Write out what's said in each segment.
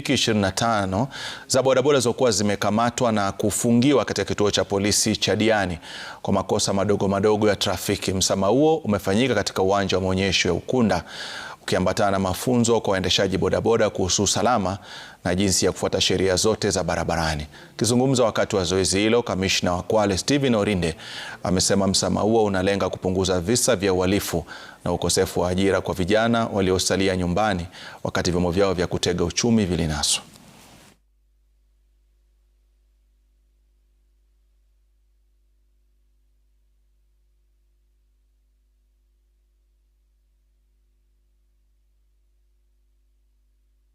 pikipiki 25 za bodaboda zilizokuwa zimekamatwa na kufungiwa katika kituo cha polisi cha Diani kwa makosa madogo madogo ya trafiki. Msamaha huo umefanyika katika uwanja wa maonyesho ya Ukunda ukiambatana na mafunzo kwa waendeshaji bodaboda kuhusu usalama na jinsi ya kufuata sheria zote za barabarani. Akizungumza wakati wa zoezi hilo, kamishna wa Kwale stehen Orinde amesema msamaha huo unalenga kupunguza visa vya uhalifu na ukosefu wa ajira kwa vijana waliosalia nyumbani wakati vyombo vyao vya kutega uchumi vilinaswa.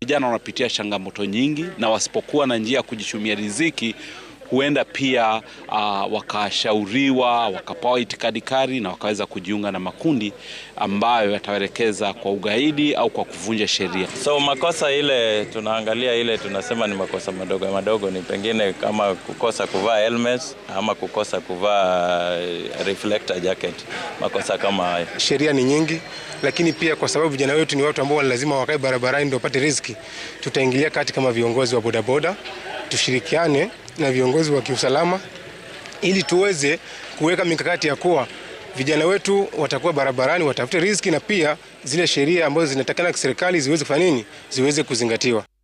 Vijana wanapitia changamoto nyingi, na wasipokuwa na njia ya kujichumia riziki huenda pia uh, wakashauriwa wakapawa itikadi kali na wakaweza kujiunga na makundi ambayo yatawelekeza kwa ugaidi au kwa kuvunja sheria. So makosa ile tunaangalia ile tunasema ni makosa madogo madogo, ni pengine kama kukosa kuvaa helmet ama kukosa kuvaa eh, reflector jacket, makosa kama hayo. Sheria ni nyingi, lakini pia kwa sababu vijana wetu ni watu ambao lazima wakae barabarani ndio wapate riziki, tutaingilia kati kama viongozi wa bodaboda tushirikiane na viongozi wa kiusalama ili tuweze kuweka mikakati ya kuwa vijana wetu watakuwa barabarani, watafute riziki na pia zile sheria ambazo zinatakana kiserikali ziweze kufanya nini, ziweze kuzingatiwa.